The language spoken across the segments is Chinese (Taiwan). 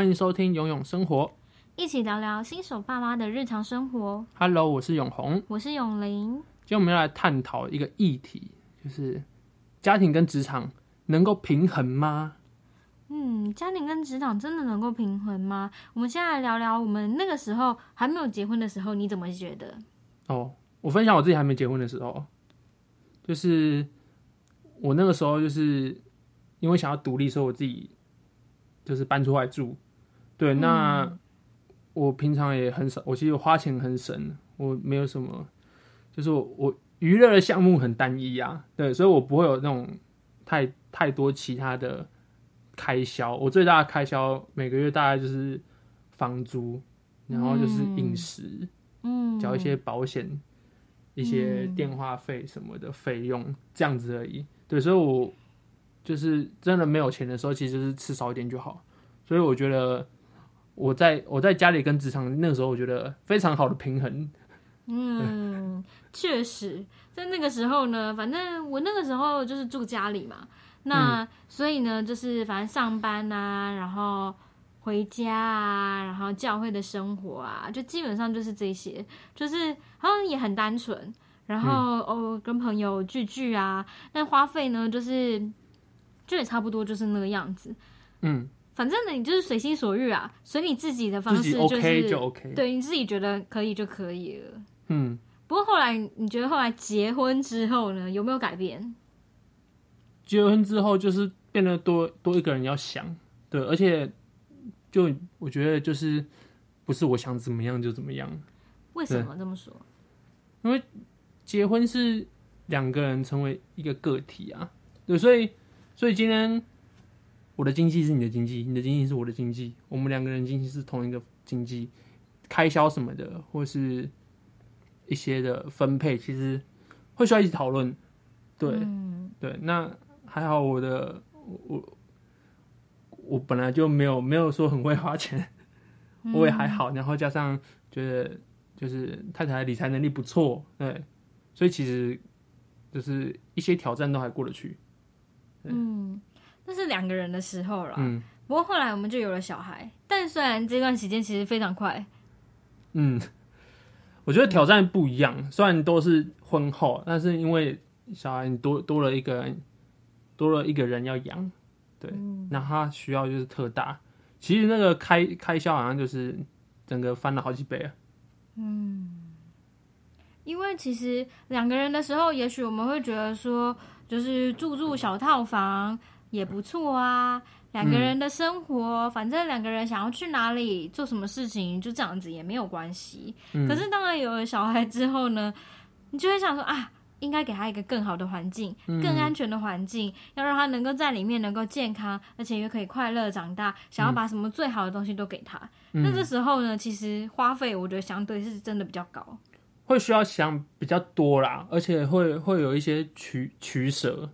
歡迎收聽《永詠生活》，一起聊聊新手爸媽的日常生活。Hello，我是永紅，我是永玲。今天我們要來探討一個議題，就是家庭跟職場能夠平衡嗎？嗯，家庭跟職場真的能夠平衡嗎？我們先來聊聊，我們那個時候還沒有結婚的時候，你怎麼覺得？哦，oh, 我分享我自己還沒結婚的時候，就是我那個時候，就是因為想要獨立，所以我自己就是搬出來住。對，那我平常也很少，我其實我花錢很省，我沒有什麼，就是我我娛樂的項目很單一啊，對，所以我不會有那種太太多其他的開銷，我最大的開銷每個月大概就是房租，然後就是飲食，嗯，交一些保險，嗯，一些電話費什麼的費用這樣子而已，對，所以我就是真的沒有錢的時候，其實就是吃少一點就好，所以我覺得。我在我在家裡跟職場那個時候，我覺得非常好的平衡。 嗯，確實，在那個時候呢，反正我那個時候就是住家裡嘛，那所以呢，嗯、就是反正上班啊，然後回家啊，然後教會的生活啊，就基本上就是這些，就是好像也很單純。然後、嗯、哦，跟朋友聚聚啊，但花費呢，就是就也差不多就是那個樣子。嗯。反正呢，你就是隨心所欲啊，隨你自己的方式就是，OK 就 OK，對你自己覺得可以就可以了。嗯，不過後來你覺得後來結婚之後呢，有沒有改變？結婚之後就是變得多多一個人要想，對，而且就我覺得就是不是我想怎麼樣就怎麼樣。為什麼這麼說？因為結婚是兩個人成為一個個體啊，對，所以所以今天。我的經濟是你的經濟，你的經濟是我的經濟，我們兩個人經濟是同一個經濟，開銷什麼的，或是一些的分配，其實會需要一直討論。對、嗯、對，那還好我，我的我我本來就沒有沒有說很會花錢， 我也還好。然後加上覺得就是太太的理財能力不錯，對，所以其實就是一些挑戰都還過得去。嗯。那是兩個人的時候了，嗯、不過後來我們就有了小孩。但雖然這段時間其實非常快，嗯，我覺得挑戰不一樣。嗯、雖然都是婚後，但是因為小孩，你多多了一個，多了一個人要養，對，嗯、那他需要就是特大。其實那個開開銷好像就是整個翻了好幾倍啊。嗯，因為其實兩個人的時候，也許我們會覺得說，就是住住小套房。嗯也不錯啊，兩個人的生活，嗯、反正兩個人想要去哪裡做什麼事情，就這樣子也沒有關係。嗯、可是當然有了小孩之後呢，你就會想說啊，應該給他一個更好的環境，更安全的環境，嗯、要讓他能夠在裡面能夠健康，而且也可以快樂長大。想要把什麼最好的東西都給他，嗯、那這時候呢，其實花費我覺得相對是真的比較高，會需要想比較多啦，而且會會有一些取取捨，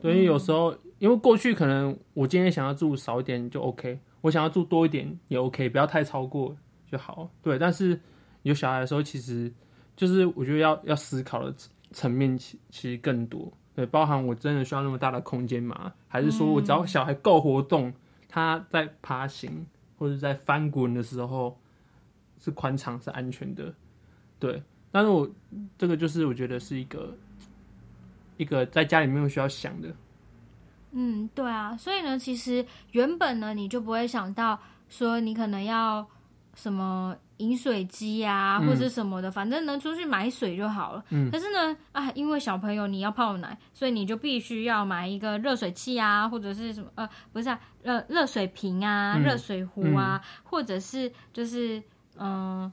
所以有時候。因為過去可能我今天想要住少一點就 OK，我想要住多一點也 OK，不要太超過就好。對，但是有小孩的時候，其實就是我覺得要要思考的層面其其實更多。對，包含我真的需要那麼大的空間嘛，還是說我只要小孩夠活動，他在爬行或者在翻滾的時候是寬敞是安全的？對，但是我這個就是我覺得是一個一個在家裡面需要想的。嗯，對啊，所以呢，其實原本呢，你就不會想到說你可能要什麼飲水機啊，嗯、或者什麼的，反正能出去買水就好了。嗯。可是呢，啊，因為小朋友你要泡奶，所以你就必須要買一個熱水器啊，或者是什麼呃，不是啊，呃，熱水瓶啊，熱、嗯、熱水壺啊，嗯、或者是就是嗯、呃，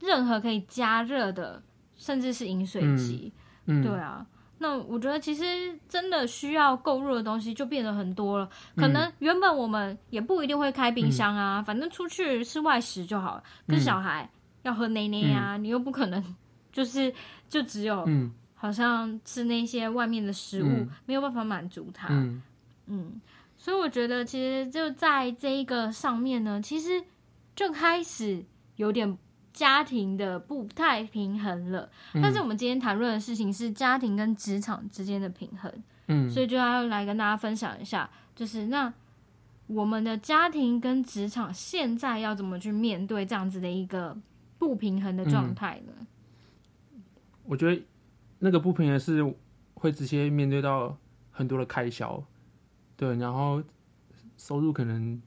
任何可以加熱的，甚至是飲水機、嗯。嗯。對啊。那我覺得其實真的需要購入的東西就變得很多了。可能原本我們也不一定會開冰箱啊，嗯、反正出去吃外食就好跟、嗯、小孩要喝奶奶啊，嗯、你又不可能就是就只有，好像吃那些外面的食物、嗯、沒有辦法滿足他。嗯，嗯，所以我覺得其實就在這一個上面呢，其實就開始有點。家庭的不太平衡了，但是我們今天談論的事情是家庭跟職場之間的平衡，嗯，所以就要來跟大家分享一下，就是那我們的家庭跟職場現在要怎麼去面對這樣子的一個不平衡的狀態呢？嗯，我覺得那個不平衡是會直接面對到很多的開銷，對，然後收入可能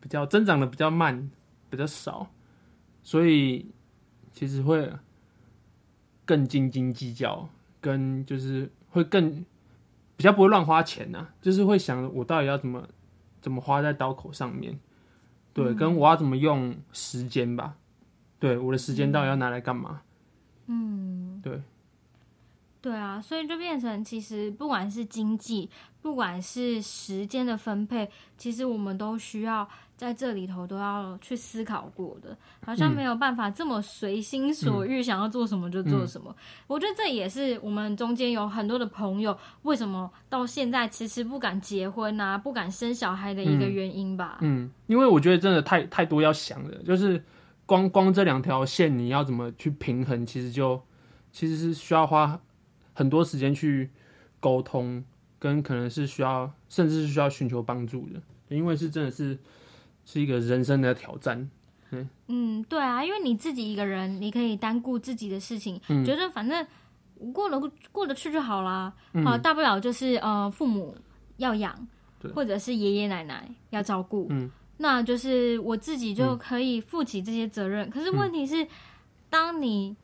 比較增長的比較慢，比較少。所以其實會更斤斤計較，跟就是會更比較不會亂花錢啊，就是會想我到底要怎麼怎麼花在刀口上面，對，嗯、跟我要怎麼用時間吧，對，我的時間到底要拿來幹嘛？嗯，對，對啊，所以就變成其實不管是經濟，不管是時間的分配，其實我們都需要。在這裡頭都要去思考過的，好像沒有辦法這麼隨心所欲，嗯、想要做什麼就做什麼。嗯嗯、我覺得這也是我們中間有很多的朋友為什麼到現在遲遲不敢結婚啊，不敢生小孩的一個原因吧。嗯，嗯，因為我覺得真的太太多要想的，就是光光這兩條線你要怎麼去平衡，其實就其實是需要花很多時間去溝通，跟可能是需要甚至是需要尋求幫助的，因為是真的是。是一個人生的挑戰。對，嗯，對啊，因為你自己一個人，你可以單顧自己的事情，嗯、覺得反正過得、過得去就好啦。嗯、啊，大不了就是呃父母要養，對或者是爺爺奶奶要照顧，嗯，那就是我自己就可以負起這些責任。嗯、可是問題是，當你。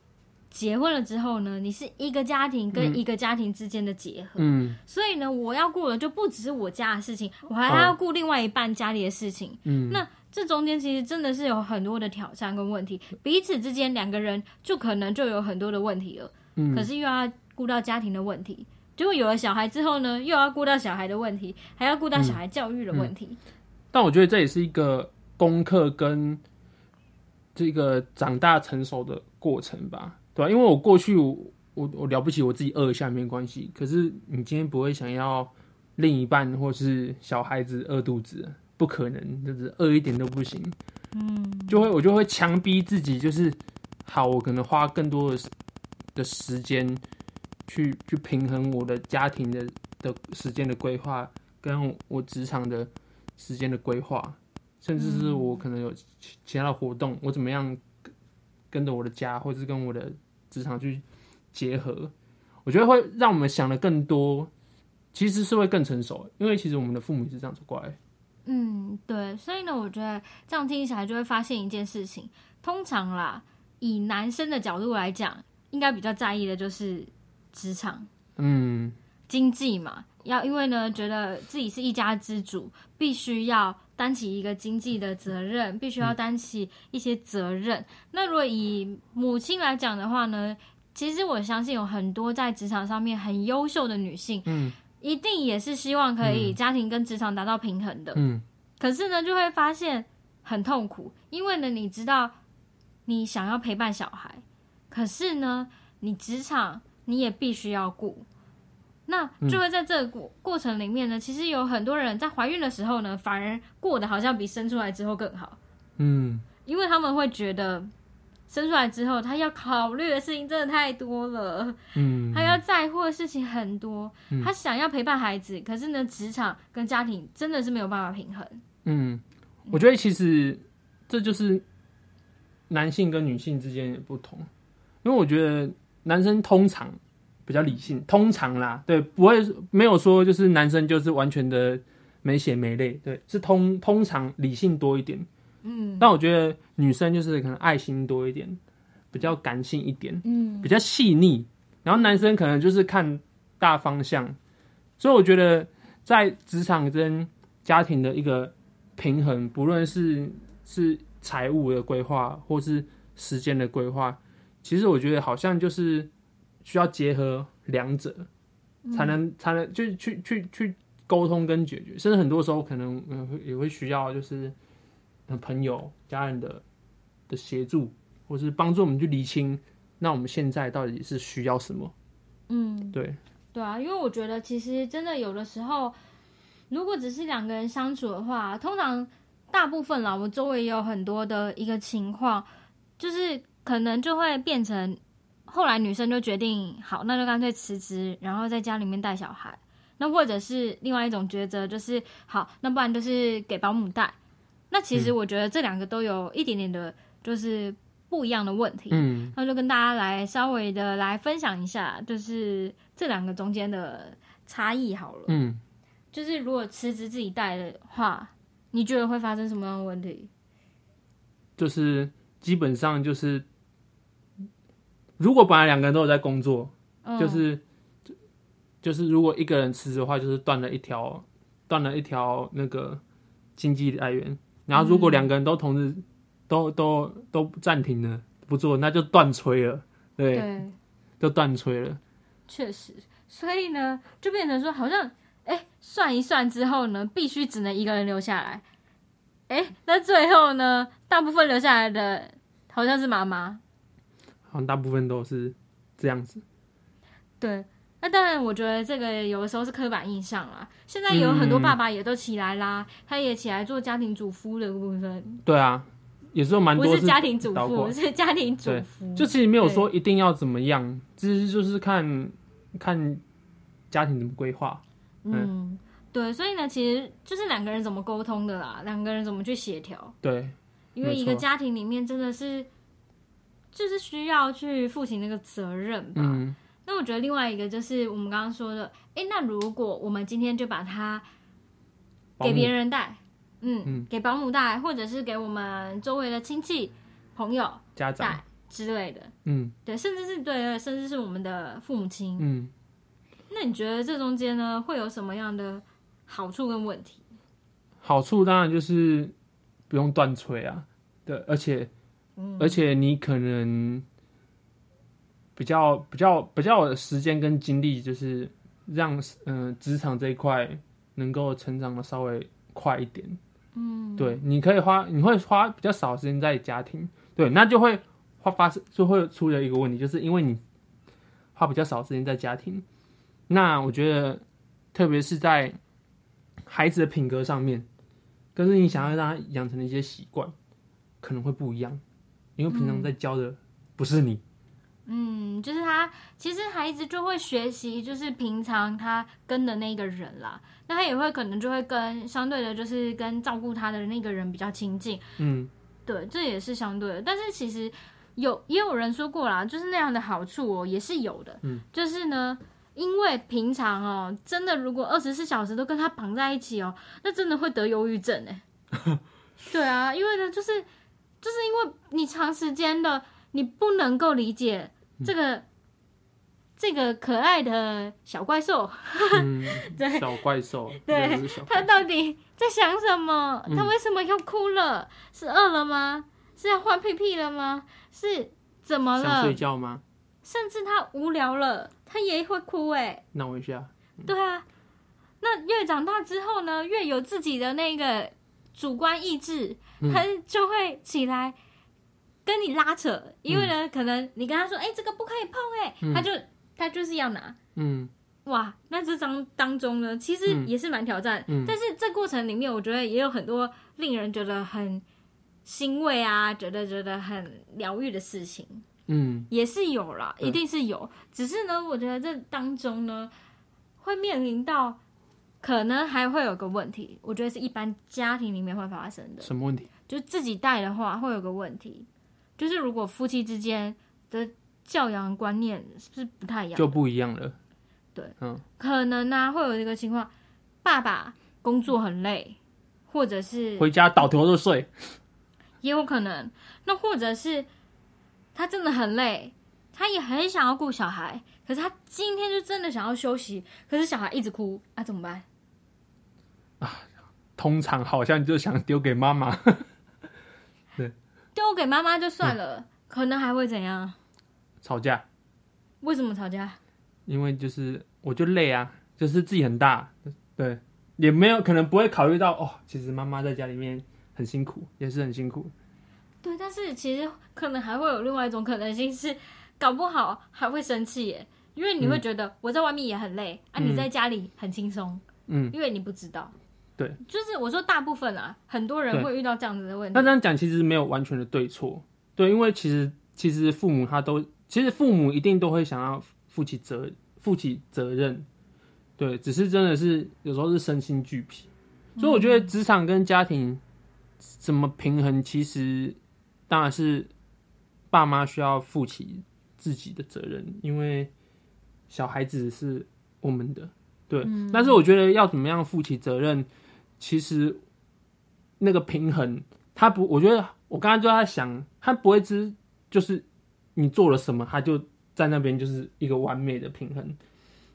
結婚了之後呢，你是一個家庭跟一個家庭之間的結合，嗯，嗯，所以呢，我要顧的就不只是我家的事情，我還要顧另外一半家裡的事情，嗯，那這中間其實真的是有很多的挑戰跟問題，彼此之間兩個人就可能就有很多的問題了，嗯，可是又要顧到家庭的問題，結果有了小孩之後呢，又要顧到小孩的問題，還要顧到小孩教育的問題，嗯嗯，但我覺得這也是一個功課跟這個長大成熟的過程吧。對，因為我過去我我我了不起，我自己餓一下沒關係。可是你今天不會想要另一半或是小孩子餓肚子，不可能，就是餓一點都不行。嗯，就會我就會強逼自己，就是好，我可能花更多的的時間去去平衡我的家庭的的時間的規劃，跟我職場的時間的規劃，甚至是我可能有其，其他的活動，我怎麼樣跟着我的家，或者是跟我的。職場去結合，我覺得會讓我們想得更多，其實是會更成熟，因為其實我們的父母也是這樣子過來。嗯，對，所以呢，我覺得這樣聽起來就會發現一件事情，通常啦，以男生的角度來講，應該比較在意的就是職場，嗯，經濟嘛，要因為呢，覺得自己是一家之主，必須要。擔起一個經濟的責任，必須要擔起一些責任。嗯、那如果以母親來講的話呢，其實我相信有很多在職場上面很優秀的女性，嗯，一定也是希望可以家庭跟職場達到平衡的，嗯、可是呢，就會發現很痛苦，因為呢，你知道你想要陪伴小孩，可是呢，你職場你也必須要顧。那就會在這個過過程裡面呢，嗯、其實有很多人在懷孕的時候呢，反而過得好像比生出來之後更好。嗯，因為他們會覺得生出來之後，他要考慮的事情真的太多了。嗯，他要在乎的事情很多，嗯、他想要陪伴孩子，嗯、可是呢，職場跟家庭真的是沒有辦法平衡。嗯，我覺得其實這就是男性跟女性之間的不同，因為我覺得男生通常。比較理性，通常啦，對，不會沒有說就是男生就是完全的沒血沒淚，對，是通通常理性多一點，嗯，但我覺得女生就是可能愛心多一點，比較感性一點，嗯，比較細膩，然後男生可能就是看大方向，所以我覺得在職場跟家庭的一個平衡，不論是是財務的規劃或是時間的規劃，其實我覺得好像就是。需要結合兩者，才能才能就去去去溝通跟解決，甚至很多時候可能嗯也會需要就是，朋友、家人的的協助，或是幫助我們去理清，那我們現在到底是需要什麼？嗯，對對啊，因為我覺得其實真的有的時候，如果只是兩個人相處的話，通常大部分啦，我周圍有很多的一個情況，就是可能就會變成。後來女生就決定，好，那就乾脆辭職，然後在家裡面帶小孩。那或者是另外一種抉擇，就是好，那不然就是給保姆帶。那其實我覺得這兩個都有一點點的，就是不一樣的問題。嗯，那就跟大家來稍微的來分享一下，就是這兩個中間的差異好了。嗯，就是如果辭職自己帶的話，你覺得會發生什麼樣的問題？就是基本上就是。如果本來兩個人都有在工作，oh. 就是，就是如果一個人辭職的話，就是斷了一條，斷了一條那個經濟來源。然後如果兩個人都同時、嗯、都都都暫停了不做了，那就斷炊了。對，對就斷炊了。確實，所以呢，就變成說，好像哎、欸，算一算之後呢，必須只能一個人留下來。哎、欸，那最後呢，大部分留下來的好像是媽媽。大部分都是這樣子，對。那當然，我覺得這個有的時候是刻板印象啦。現在有很多爸爸也都起來啦，嗯、他也起來做家庭主夫的部分。對啊，有時候蠻多是，不是家庭主婦，是家庭主夫對。就其實沒有說一定要怎麼樣，其實對就是看看家庭怎麼規劃。嗯，嗯，對。所以呢，其實就是兩個人怎麼溝通的啦，兩個人怎麼去協調。對，因為一個家庭裡面真的是。就是需要去負起那個責任吧。嗯、那我覺得另外一個就是我們剛剛說的，哎、欸，那如果我們今天就把它給別人帶，保母嗯，嗯給保姆帶，或者是給我們周圍的親戚、朋友、家長帶之類的，嗯，對，甚至是對，甚至是我們的父母親，嗯，那你覺得這中間呢，會有什麼樣的好處跟問題？好處當然就是不用斷炊啊，對，而且。而且你可能比較比較比較時間跟精力，就是讓嗯職、呃、場這一塊能夠成長的稍微快一點。嗯，對，你可以花，你會花比較少時間在家庭，對，那就會花發生就會出了一個問題，就是因為你花比較少時間在家庭，那我覺得特別是在孩子的品格上面，跟、就是你想要讓他養成的一些習慣，可能會不一樣。因為平常在教的、嗯、不是你，嗯，就是他。其實孩子就會學習，就是平常他跟的那個人啦。那他也會可能就會跟相對的，就是跟照顧他的那個人比較親近。嗯，對，這也是相對的。但是其實有也有人說過啦，就是那樣的好處哦、喔，也是有的。嗯，就是呢，因為平常哦、喔，真的如果二十四小時都跟他綁在一起哦、喔，那真的會得憂鬱症誒。 對啊，因為呢，就是。就是因為你長時間的，你不能夠理解這個、嗯、這個可愛的小怪獸，嗯、 對小怪獸，對，他到底在想什麼？他為什麼要哭了？嗯、是餓了嗎？是要換屁屁了嗎？是怎麼了？想睡覺嗎？甚至他無聊了，他也會哭哎。那我一下。嗯、對啊，那越長大之後呢，越有自己的那個主觀意志。嗯、他就會起來跟你拉扯，因為呢，嗯、可能你跟他說：“哎、欸，這個不可以碰。嗯”哎，他就他就是要拿。嗯，哇，那這當當中呢，其實也是蠻挑戰。嗯，嗯，但是這過程裡面，我覺得也有很多令人覺得很欣慰啊，覺得覺得很療癒的事情。嗯，也是有啦，對 一定是有。只是呢，我覺得這當中呢，會面臨到。可能還會有個問題，我覺得是一般家庭裡面會發生的。什麼問題？就自己帶的話，會有個問題，就是如果夫妻之間的教養觀念是不是不太一樣的，就不一樣了。對，嗯，可能呢、啊，會有這個情況，爸爸工作很累，嗯、或者是回家倒頭就睡，也有可能。那或者是他真的很累，他也很想要顧小孩，可是他今天就真的想要休息，可是小孩一直哭，那、啊、怎麼辦？啊，通常好像就想丟給媽媽，對，丟給媽媽就算了，嗯、可能還會怎樣？吵架？為什麼吵架？因為就是我就累啊，就是自己很大，對，也沒有可能不會考慮到哦，其實媽媽在家裡面很辛苦，也是很辛苦。對，但是其實可能還會有另外一種可能性是，搞不好還會生氣耶，因為你會覺得我在外面也很累、嗯、啊，你在家裡很輕鬆，嗯，因為你不知道。對，就是我說，大部分啊，很多人會遇到這樣子的問題。但這樣講，其實沒有完全的對錯，對，因為其實其實父母他都，其實父母一定都會想要負起責，負起責任，對，只是真的是有時候是身心俱疲，所以我覺得職場跟家庭怎麼平衡，其實當然是爸媽需要負起自己的責任，因為小孩子是我們的，對，嗯、但是我覺得要怎麼樣負起責任。其實，那個平衡，他不，我覺得我剛剛就在想，他不會知就是你做了什麼，他就在那邊就是一個完美的平衡，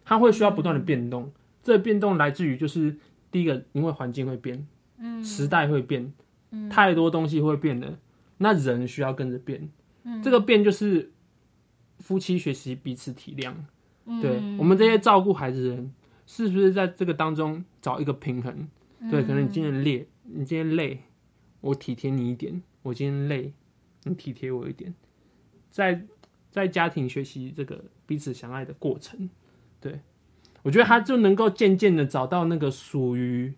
他會需要不斷的變動。嗯、這個變動來自於，就是第一個，因為環境會變，嗯，時代會變，嗯，太多東西會變的，那人需要跟着變，嗯，這個變就是夫妻學習彼此體諒，對、嗯、我們這些照顧孩子的人，是不是在這個當中找一個平衡？對，可能你今天累，你今天累，我體貼你一點；我今天累，你體貼我一點。在在家庭學習這個彼此相愛的過程，對，我覺得他就能夠漸漸的找到那個屬於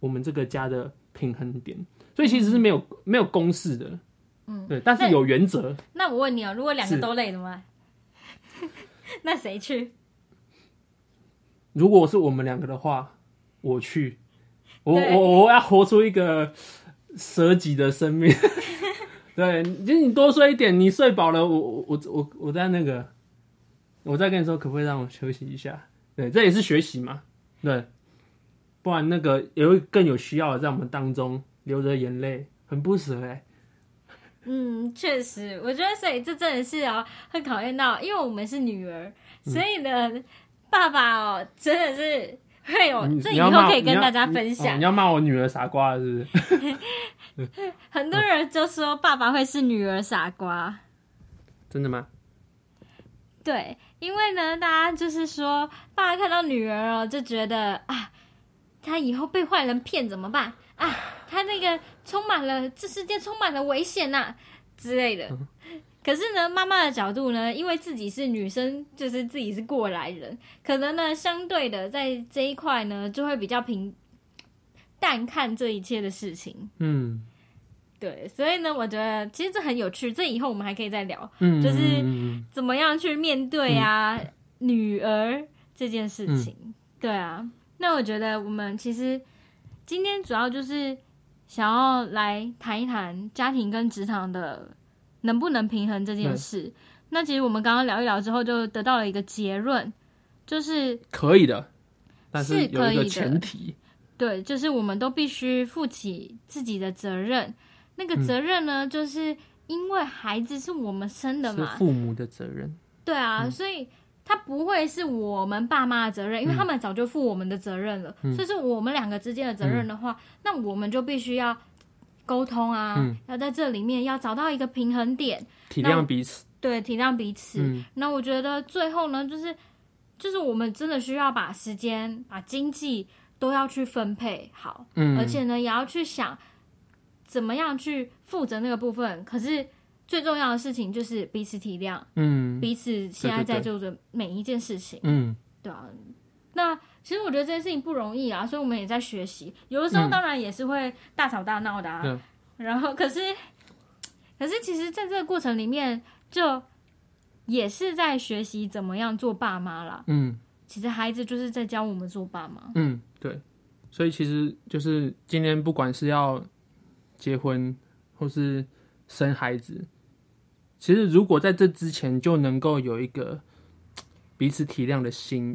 我們這個家的平衡點。所以其實是沒有沒有公式的，嗯，對，但是有原則。嗯，那我問你哦、喔，如果兩個都累怎麼辦？是 那誰去？如果是我們兩個的話，我去。我對我我要活出一個捨己的生命， 對，就是你多睡一點，你睡飽了，我我我我在那個，我再跟你說，可不可以讓我休息一下？對，這也是學習嘛，對，不然那個也會更有需要的，在我們當中流着眼淚，很不捨。嗯，確實，我覺得所以這真的是啊、喔，很考驗到，因為我們是女兒，所以呢，嗯、爸爸哦、喔，真的是。嘿呦，hey, 這以後可以跟大家分享。你，你要罵、哦、我女兒傻瓜是不是？ 很多人就說爸爸會是女兒傻瓜，真的嗎？對，因為呢，大家就是說，爸爸看到女兒哦、喔，就覺得啊，他以後被壞人騙怎麼辦？啊，他那個充滿了，這世界充滿了危險吶、啊、之類的。可是呢，媽媽的角度呢，因為自己是女生，就是自己是過來人，可能呢，相對的在這一塊呢，就會比較平淡看這一切的事情。嗯，對，所以呢，我覺得其實這很有趣，這以後我們還可以再聊，嗯，嗯，嗯，嗯，就是怎麼樣去面對啊，嗯，女兒這件事情。嗯，對啊，那我覺得我們其實今天主要就是想要來談一談家庭跟職場的。能不能平衡這件事？對那其實我們剛剛聊一聊之後，就得到了一個結論，就是、可以的，是可以的，但是有一個前提。對，就是我們都必須負起自己的責任。那個責任呢，嗯、就是因為孩子是我們生的嘛，是父母的責任。對啊，嗯、所以他不會是我們爸媽的責任，因為他們早就負我們的責任了。嗯、所以，是我們兩個之間的責任的話，嗯、那我們就必須要。溝通啊，嗯、要在這裡面要找到一個平衡點，體諒彼此，對，體諒彼此。嗯、那我覺得最後呢，就是就是我們真的需要把時間、把經濟都要去分配好，嗯、而且呢，也要去想怎麼樣去負責那個部分。可是最重要的事情就是彼此體諒，嗯、彼此現在在做的每一件事情，對，對，對，對啊，那。其實我覺得這件事情不容易啊，所以我們也在學習。有的時候當然也是會大吵大鬧的啊。嗯、然後，可是，可是，其實在這個過程裡面，就也是在學習怎麼樣做爸媽啦。嗯，其實孩子就是在教我們做爸媽。嗯，對。所以，其實就是今天不管是要結婚或是生孩子，其實如果在這之前就能夠有一個彼此體諒的心。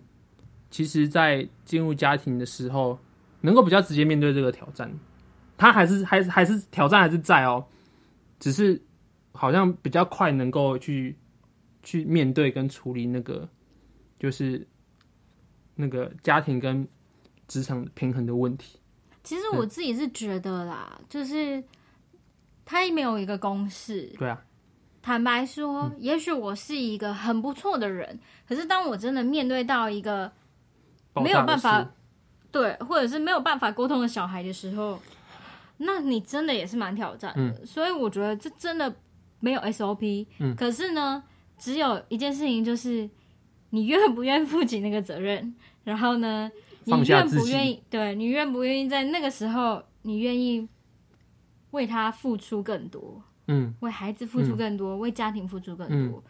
其實，在進入家庭的時候，能夠比較直接面對這個挑戰，他還是還是還是挑戰還是在哦，只是好像比較快能夠去去面對跟處理那個就是那個家庭跟職場平衡的問題。其實我自己是覺得啦，嗯、就是他也沒有一個公式。對啊，坦白說，嗯、也許我是一個很不錯的人，可是當我真的面對到一個。沒有辦法，對，或者是沒有辦法溝通的小孩的時候，那你真的也是蠻挑戰的，嗯，所以我覺得這真的沒有 SOP。嗯，可是呢，只有一件事情就是，你願不願意負起那個責任？然後呢，你願不願意？對，你願不願意在那個時候，你願意為他付出更多？嗯，為孩子付出更多，嗯，為家庭付出更多。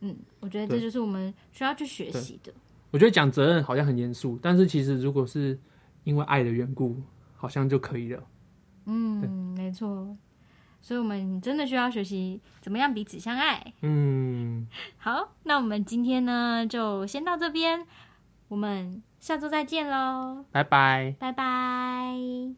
嗯，嗯，我覺得這就是我們需要去學習的。我覺得講責任好像很嚴肅，但是其實如果是因為愛的緣故，好像就可以了。嗯，沒錯。所以我們真的需要學習怎麼樣彼此相愛。嗯，好，那我們今天呢就先到這邊，我們下周再見囉，拜拜，拜拜。